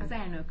Az elnök.